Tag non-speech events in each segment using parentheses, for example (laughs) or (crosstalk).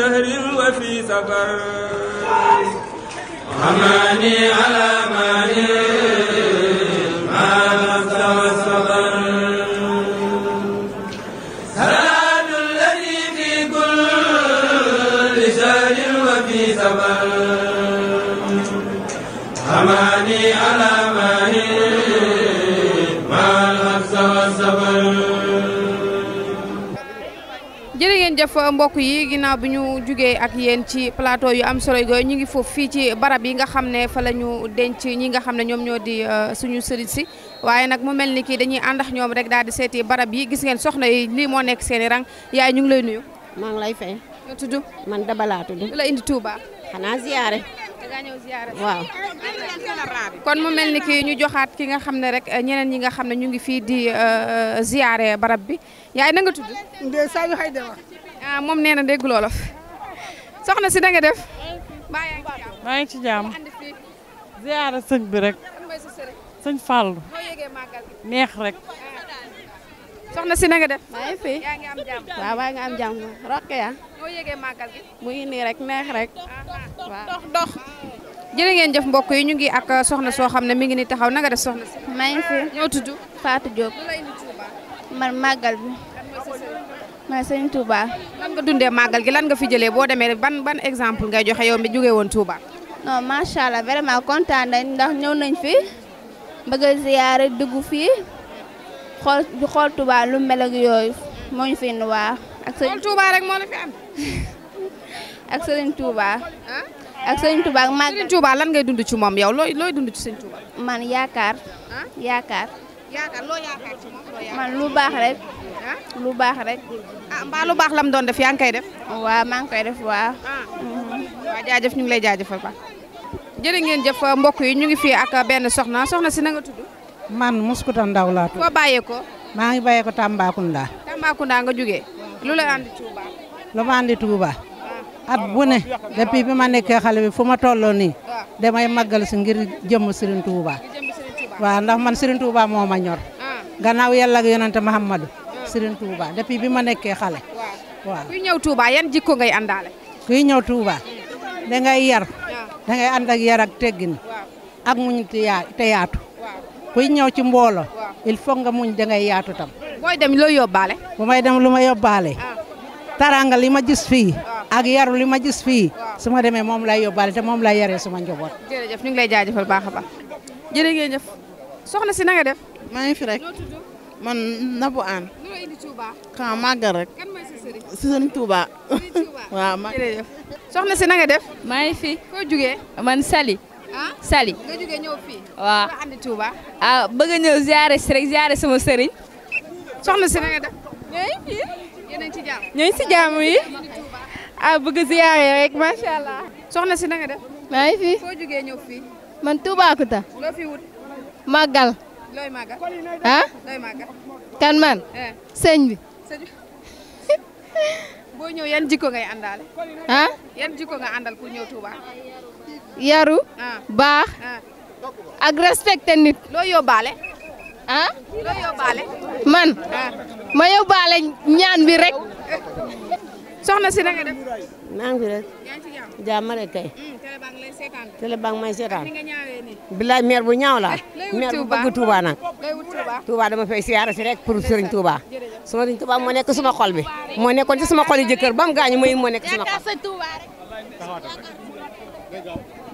شهر وفي سفر وماني على ماني ما نفس والصبر سلام الذي في كل شهر وفي سفر وماني على ماني ngeen jëf mbokk yi ginnaaw bi ñu jógee ak yéen ci plateau yu am solo yooyu ñu ngi foofu fii ci barab yi nga xam ne fa la ñu denc ñi nga xam ne ñoom ñoo di euh, suñu sëriñ si waaye nag mu mel ni kii dañuy ànd ñoom rek daal di seeti barab yi gis ngeen soxna yi lii moo nekk seen i rang yaay ñu ngi lay nuyu. maa ngi lay fay. ñu man Daba laa la indi Touba. waaw. kon mu mel ni ki ñu joxaat ki nga xam ne rek ñeneen ñi nga xam ne ñu ngi fii di euh, ziyaare barab bi yaay nanga nga tudd. Ndeye ah, moom nee na dégg loolof soxna si da def. maa ngi ci jàmm. ziyaara sëñ bi rek. sëñ Fallou. neex rek. Ah. soxna si na def. maa ngi fi. am jàmm roq ya. yëgee màggal gi. rek neex rek. Ah, waaw dox dox. jërë ngeen mbokk yi ñu ngi ak soxna soo xam ne mi ngi ni taxaw na def soxna si. maa ngi ñoo tudd Fatou Diop. man màggal bi. man sëñ Touba. lan nga dundee màggal gi lan nga fi jëlee boo demee ban ban exemple nga joxe yow mi jógee woon Touba. non macha allah vraiment kontaan ndax ñëw nañ fi bëgg a ziyaare dugg fii xool xool Touba lu mel yooyu mooñ ñu fi nuwaa. ak sëñ xool rek moo la fi am. (laughs) ak sëriñ Touba. ak sëriñ Touba ak màggal. lan ngay dund ci moom yow looy looy dund ci sëriñ Touba. man yaakaar. yaakaar. yaakaar loo man lu baax rek. lu baax rek. ah mbaa lu baax lam doon def yaa ngi koy def. waaw maa ngi koy def waaw. Ah. waaw jaajëf ñu ngi lay jaajëfal ba jërë ngeen jëf mbokk yi ñu ngi fii ak benn soxna soxna si na man Muskuta Ndaw laa tudd. foo ko. maa ngi bàyyee ko Tambacounda. Tambacounda nga jógee. lu la andi Touba. lu ma andi Touba. at bu ne depuis bi ma nekkee xale bi fu ma tolloo nii. Ah. damay màggal si ngir jëm Serigne Touba. waaw ndax man Serigne Touba moo ma ñor. Ah. gannaaw yàlla ak yonante Muhammadu. Ah. Serigne Touba depuis bi ma nekkee xale. waaw kuy ñëw Touba yan jikko ngay àndaale. kuy ñëw Touba hmm. dangay yar. Ah. da ngay ànd ak yar ak teggin. ak muñ te yaatu. kuy ñëw ci mboolo il faut nga muñ da ngay yaatu tam. booy dem loo yóbbaale. bu may dem lu ma yóbbaale. taranga li ma gis fii. ak yaru li ma gis fii. su ma demee moom lay yóbbaale te moom lay yaree suma njaboot. jërëjëf ñu ngi lay jaajëfal baax a baax soxna si na nga def. maa ngi fi rek man Nabou Anne. noo indi Touba. xanaa màggal rek. kan mooy sa sëriñ. sëriñ (laughs) si na def. maa ngi fi. koo jugee. man Sali. ah Sali. nga jugee ñëw fii. waaw nga ah, a ñëw ziare si rek ziare sama si na def. ñooñu fii. yéen a ngi si jàmm yi. ah bëgg a rek macha allah. si na nga def. maa fi. Ah, man Touba Kouta. màggal. looy kan man. Eh. sëñ bi. (laughs) boo ñëw yan jikko ngay àndaale. ah yan jikko nga àndal pour ñëw Touba. yaru. Ah. baax. Ah. ak respecté nit. loo yóbbaale. ah. man. ma yóbbaale ñaan bi rek. (laughs) soxna si na nga def. maa ngi fi rek. yaa ngi ci jàmm jàmm rek kay. Mm, télé baa may seetaan. ni nga bu ñaaw laa. Eh, maire bu bëgg Touba nag. lay wut Touba. Touba dama fay siyaara si rek pour Serigne Touba. Serigne Touba moo nekk suma xol bi. moo nekkoon ci suma xol yi jëkkër ba mu gaañu mooy moo nekk suma xol.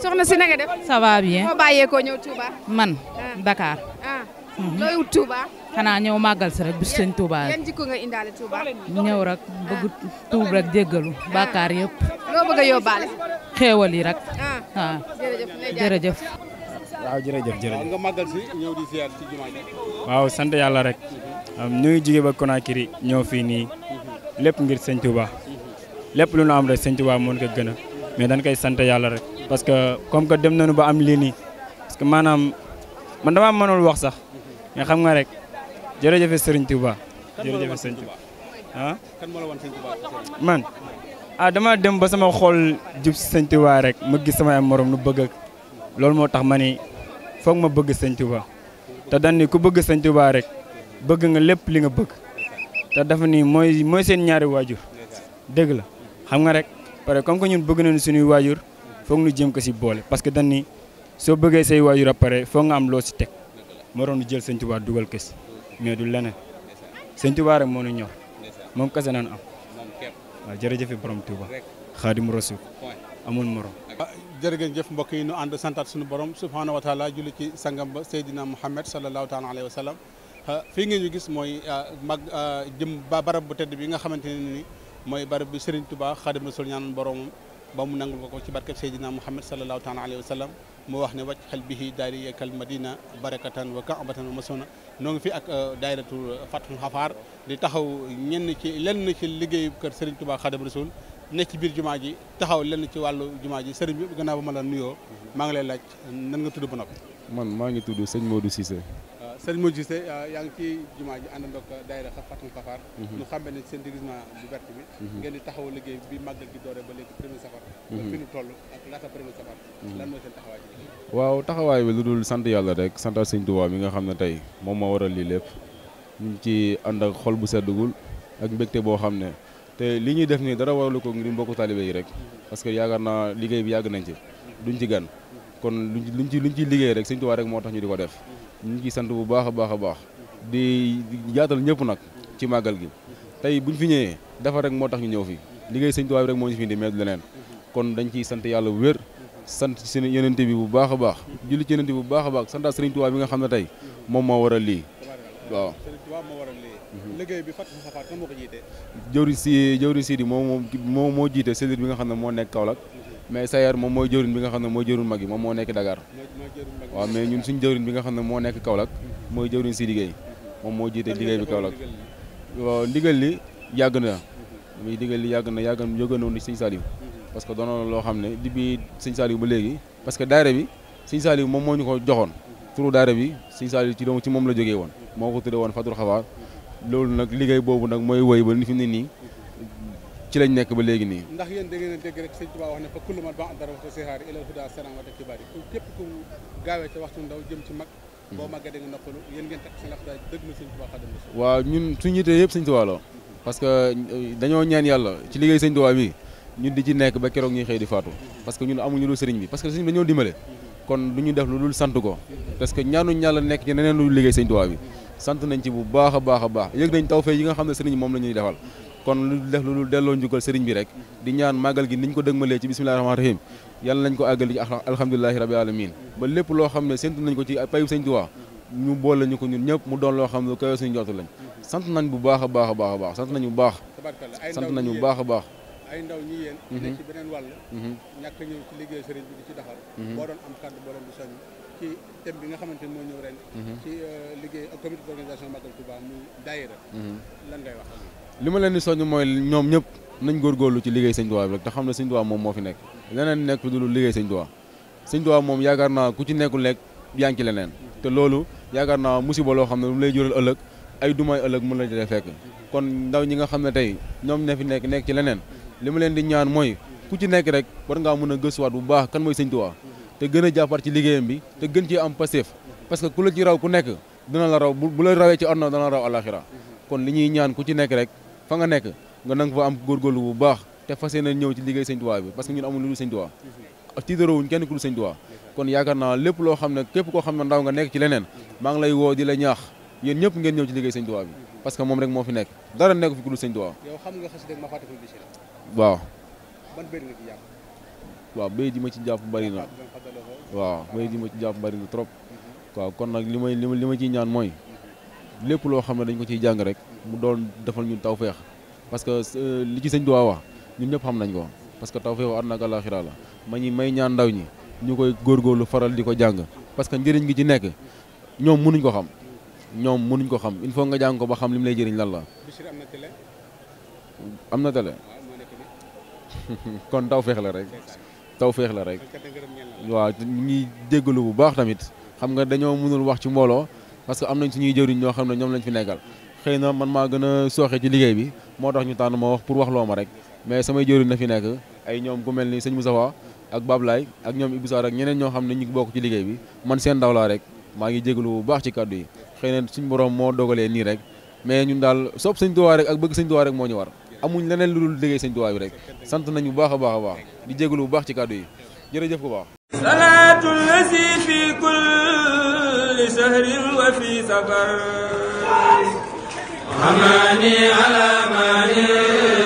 soxna si na nga def. ça va bien. moo bàyyeekoo ñëw Touba. man ah. Dakar. Ah. looy wut xanaa ñëw màggal si rek bis sëñ Touba yan jikko nga indaale ñëw rek bëgg tuub rek jéggalu bàkkaar yëpp. loo waaw ah, ah, jërëjëf. waaw jërëjëf jërëjëf nga màggal si ñëw di yàlla rek. ñu ngi jugee ba Conakry ñëw fii nii. lépp ngir sëñ Touba. lépp lu nu am rek sëñ Touba mën ko gën a. mais dañ koy sant yàlla rek. parce que comme que dem nañu ba am lii parce que maanaam man damaa mënul wax sax. xam nga rek jërëjëf Serigne Touba. jërëjëf Serigne Touba ah. kan moo la wan Serigne man ah dem ba sama xol jub si Serigne Touba rek ma gis sama moroom nu bëgg ak loolu moo tax ma ni foog ma bëgg Serigne Touba te dañ ni ku bëgg Serigne Touba rek bëgg nga lépp li nga bëgg te dafa ni mooy mooy seen ñaari waajur dëgg la xam nga rek pare comme que ñun bëgg nañu suñuy waajur foog ñu jëm ko si boole parce que dañ soo bëggee say waajur a pare foog nga am loo si teg. moo doon jël sëñ Tuubaa dugal kës mais du leneen sëñ Tuubaa rek moo nu ñor moom kese naan am waaw jërëjëf borom Tuubaa xaadim rasul amul morom. Ah, jërëgéen jëf mbokk yi nu ànd santaat suñu borom subhaanahu wa taala julli ci sangam ba Seydina Muhammad sallallahu taala alayhi wa sallam ah, fii nga ñu gis mooy ah, mag jëm ba barab bu tedd bi nga xamante ne ni mooy barab bi Serigne Touba Xaadim Rasul ñaanoon boromam ba mu nangul ko ko ci barkeb Seydina Muhammad sallallahu taala alayhi wa sallam moo wax ne wàcc xel bihi daari yekkal madina barakatan wa kaabatan wa masona noo ngi fii ak euh, daayiratul Fathul Xafaar di taxaw ñenn ci lenn ci liggéeyu kër Serigne Touba Xadim Rasul ne ci biir jumaa ji taxaw lenn ci wàllu jumaa ji Serigne bi gannaaw ba ma la nuyoo maa ngi lay laaj nan nga tudd ba noppi. man maa ngi tudd sëñ Modou Cissé. sëñ Modou Cissé euh, yaa ngi ci jumaa ji àndandoo ak daayira Xafatul Xafaar mhm. ñu xàmmee seen déguisement bu vert bi mhm. ngeen di taxaw liggéey bi màggal gi dooree ba léegi premier safar mhm. ba fi ñu toll ak laata premier safar lan mooy seen taxawaay bi taxawaay bi lu sant yàlla rek santal sëñ Tuubaa mi nga xam ne tey moom moo waral lii lépp ñu ci ànd ak xol bu seddugul ak mbégte boo xam ne te li ñuy def nii dara waralu ko ngir mbokku taalibe yi rek parce que yaakaar naa liggéey bi yàgg nañ ci duñ ci gan kon lu luñ ci luñ ci liggéey rek sëñ Tuubaa rek moo tax ñu di ko def ñu ngi sant bu baax a baax a baax di jaatal ñëpp nag ci màggal gi tey buñ fi ñëwee defar rek moo tax ñu ñëw fi liggéey sëñ Tuubaa bi rek moo ñu fii di mais du leneen kon dañ ciy sant yàlla bu wér sant ci seen yonente bi bu baax a baax julli ci yonente bi bu baax a baax santaat sëriñ Tuubaa bi nga xam ne tey moom moo war a lii waaw mhm. liggéey bi Fatou Moussa Fall kan moo ko jiite. jëwriñ si jëwriñ Sidi moom moo moo jiite séddale bi nga xam ne moo nekk Kaolack mais sa Sayer moom mooy jëwriñ bi nga xam ne mooy jëwriñ mag yi moom moo nekk Dakar waaw mais ñun suñ jëwriñ bi nga xam ne moo nekk Kaolack mooy jëwriñ si liggéey moom moo jiite liggéey bi Kaolack waaw ndigal li yàgg na muy ndigal li yàgg na yàgg na yógën noonu sëñ Saliou parce que doonoon loo xam ne depuis sëñ Saliou ba léegi parce que daara bi sëñ Saliou moom moo ñu ko joxoon turu daara bi sëñ Saliou ci doom ci moom la jógee woon moo ko tudde woon Fatul Xabaar loolu nag liggéey boobu nag mooy woy ba ni fi ne nii ci lañ nekk ba léegi nii. ndax yéen da ngeen a dégg rek sëñ Tuubaa wa takki baari képp mag boo màggee da nga noppalu yéen ngeen takk seen waaw ñun suñu yitee yëpp sëñ Tuubaa la parce que euh, dañoo ñaan yàlla ci liggéey sëñ Tuubaa bi ñu di ci nekk ba keroog ñuy xëy di faatu parce que ñun amuñu lu sëriñ bi parce que sëriñ bi dañoo dimbale kon lu ñu def lu dul sant ko parce que ñaanuñ yàlla nekk ci neneen lu liggéey sëñ Tuubaa bi sant nañ ci bu baax a baax a baax yëg nañ tawfeex yi nga xam ne sëriñ moom la ñuy defal kon lu def lu delloo njukkal sëriñ bi rek di ñaan màggal gi niñ ko dëgmalee ci bismillahi rahmaani rahim yàlla nañ ko àggali ci alhamdulilahi rabbi alamin ba lépp loo xam ne séntu nañ ko ci payu sëñ Tuubaa ñu boole ñu ko ñun ñëpp mu doon loo xam ne kawe suñu jotu lañ sant nañ bu baax a baax a baax a baax sant nañ bu baax sant nañ bu baax a baax ay ndaw ñi yéen mhm. nekk ci beneen wàll mhm. ñàkk ñëw ci liggéey sëriñ bi ci doxal mhm. boo doon am kàddu boo leen di bi nga xamante ni moo ñëw ren ci euh, liggéey ak euh, comité d'organisation Magal Touba muy lan ngay wax li ma leen di soññ mooy ñoom ñëpp nañ góorgóorlu ci liggéey sëñ Tuubaa bi rek te xam ne sëñ Tuubaa moom moo fi nekk leneen nekk du liggéey sëñ Tuubaa sëñ moom yaakaar naa ku ci nekkul nekk yaa ngi ci leneen te loolu yaakaar naa musiba loo xam ne lu mu lay jural ëllëg ay dumay ëllëg mun la dee fekk kon ndaw ñi nga xam ne tey ñoom ne fi nekk nekk ci leneen li ma leen di ñaan mooy ku ci nekk rek war ngaa mën a gëstuwaat bu baax kan mooy sëñ te gën a jàppaat ci liggéeyam bi te gën ci am passif parce que ku la ci raw ku nekk dina la raw bu la rawee ci àdduna dana raw àlaxira kon li ñuy ñaan ku ci nekk rek fa nga nekk nga nanga fa am góorgóorlu bu baax te fas yéene ñëw ci liggéey sëñ Tuubaa bi parce que ñun amul lu dul sëñ Tuubaa tiidaroowuñ kenn ku dul sëñ Tuubaa kon yaakaar naa lépp loo xam ne képp koo xam ne ndaw nga nekk ci leneen maa ngi lay woo di la ñaax yéen ñëpp ngeen ñëw ci liggéey sëñ Tuubaa bi parce que moom rek moo fi nekk dara nekk fi ku dul sëñ Tuubaa waaw waaw béy di ma ci jàpp bari na waaw béy di ma ci jàpp bari na trop mhm. waaw kon nag li may li ma ciy ñaan mooy lépp loo xam ne dañ ko ciy jàng rek mu doon defal ñu tawféex parce que euh, li ci sëñ bi wax ñun ñëpp xam nañ ko parce que tawféexu àdduna ak àllaaxira la ma ñi may ñaan ndaw ñi ñu koy góorgóorlu faral di ko jàng parce que njëriñ ngi ci nekk ñoom mënuñ ko xam ñoom mënuñ ko xam il faut nga jàng ko ba xam li mu lay jëriñ lan la. am na télé (laughs) kon tawféex la rek. tawféex la rek waa ñuy déggalu bu baax tamit xam nga dañoo mënul wax ci mbooloo parce que am nañ ñuy jëriñ ñoo xam ne ñoom lañ fi nekkal xëy na man maa gën sooxee ci liggéey bi moo tax ñu tànn ma wax pour wax loo ma rek mais samay jëriñ na fi nekk ay ñoom ku mel ni sëñ Moustapha ak Bablaye ak ñoom Ibou rek ñeneen ñoo xam ne ñu ngi bokk ci liggéey bi man seen ndaw rek maa ngi jégalu bu baax ci kàddu yi xëy na suñu borom moo dogalee nii rek mais ñun daal sopp sëñ Tuubaa rek ak bëgg sëñ Tuubaa rek moo ñu war amuñ leneen lu dul liggéey sëñ Tuubaa bi rek sant nañ bu baax a baax a baax di baax ci kàddu yi jërëjëf ko baax salaatu lazi fi amaani ala maani